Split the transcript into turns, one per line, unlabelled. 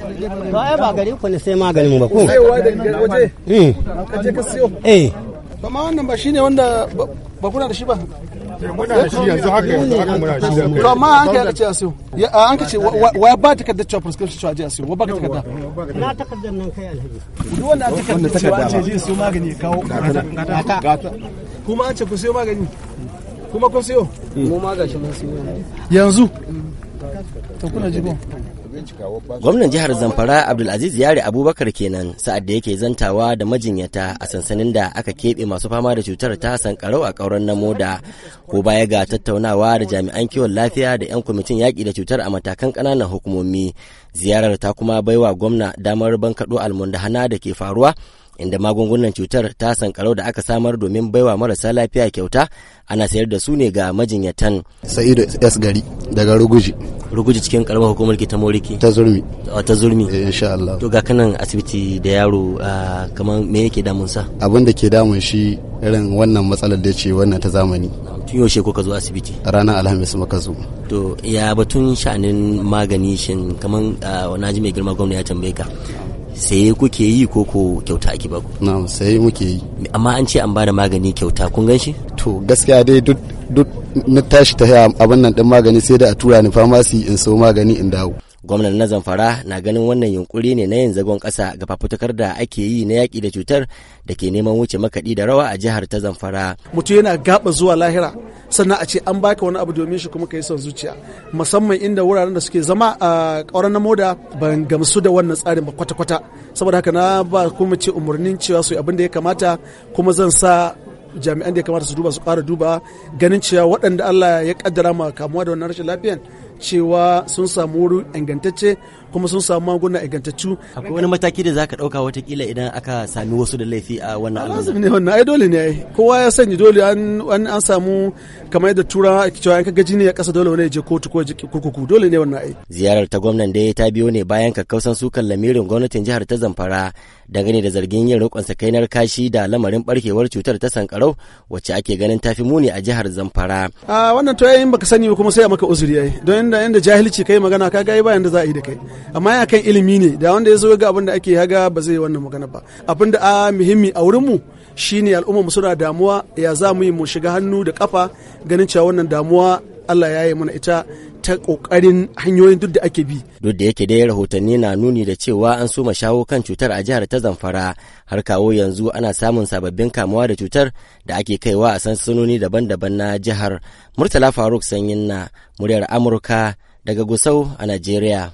to ai ba
gari ku ne sai maganin ba ko sai wa da waje eh ka je ka siyo eh
amma wannan ba shine wanda ba kuna da shi ba eh, muna shi yanzu haka yanzu haka muna shi da to amma an kai ce asiyo an kace wa ba ta takardar cewa prescription cewa je asiyo wa ba takarda na
takardar nan kai alhaji duk wanda an takardar cewa ce je su
magani ya kawo gata kuma an ce ku siyo magani kuma kun siyo mu ma gashi mun siyo
yanzu mm. Gwamnan jihar Zamfara Abdulaziz Yare Abubakar kenan sa'ad da yake zantawa da majinyata a sansanin da aka keɓe masu fama da cutar ta sankarau a ƙauren na moda ko baya ga tattaunawa da jami'an kiwon lafiya da 'yan kwamitin yaƙi da cutar a matakan ƙananan hukumomi. Ziyarar ta kuma baiwa gwamna damar bankaɗo almundahana da ke faruwa inda magungunan cutar ta sankarau da aka samar domin baiwa marasa lafiya kyauta ana sayar da su ne ga majinyatan. Sa'idu S gari daga Ruguji. ruguji cikin karamar hukumar ke ta moriki ta zurmi ta zurmi eh, insha Allah to ga kanan asibiti da yaro kamar me yake damun sa abin da ke damun shi irin wannan matsalar da ce wannan ta zamani tun yaushe kuka zo asibiti ranar alhamis muka zo to ya batun sha'anin magani shin kaman na ji mai girma gwamna ya tambaye ka saye kuke yi ko ko kyauta ake baku na'am saye muke yi amma an ce an bada magani kyauta kun gan shi to gaskiya dai duk na tashi ta abin nan din magani sai da a tura ni famasi in so magani in dawo gwamnan na zamfara na ganin wannan yunkuri ne na yin zagon kasa ga fafutukar da ake yi na yaƙi da cutar da ke neman wuce makaɗi da rawa a jihar ta zamfara mutum yana gaba zuwa lahira sannan a ce an baka wani abu
domin shi kuma ka yi son zuciya musamman inda wuraren da suke zama a ƙauran na moda ban gamsu da wannan tsarin ba kwata-kwata saboda haka na ba kuma ce umarnin cewa su abin da ya kamata kuma zan sa jami'an da ya kamata su duba su ƙara duba ganin cewa waɗanda Allah ya kaddara ma kamuwa da wannan rashin lafiyan cewa sun samu wuri ingantacce kuma sun samu magunguna
ingantaccu akwai wani mataki da zaka ɗauka watakila idan aka sami wasu da laifi a wannan al'amari
ne wannan ai dole ne ai kowa ya sani dole an an samu kamar yadda tura cewa an gaji ne a kasa dole wani ya je kotu ko kurkuku dole ne wannan ai
ziyarar ta gwamnan da ta biyo ne bayan kakkausan sukan lamirin gwamnatin jihar ta Zamfara dangane da zargin yin roƙon sakainar kashi da lamarin barkewar cutar ta sankarau wacce ake ganin tafi muni a jihar Zamfara a wannan to yayin baka
sani kuma sai a maka uzuri ai don yanda yanda jahilci kai magana kaga ai ba yanda za a yi da kai amma ya kan ilimi ne da wanda ya zo ga abin da ake haga ba zai wannan magana ba abin da a ah, muhimmi a wurin mu shine al'umma mu suna damuwa ya za mu yi mu shiga hannu da kafa ganin cewa wannan damuwa
Allah ya yi mana ita ta kokarin hanyoyin duk da ake bi duk da yake dai rahotanni na nuni da cewa an soma shawo kan cutar a jihar ta zamfara har kawo yanzu ana samun sababbin kamuwa da cutar da ake kaiwa a sansanoni daban-daban na jihar murtala faruk sanyin na muryar amurka daga gusau a najeriya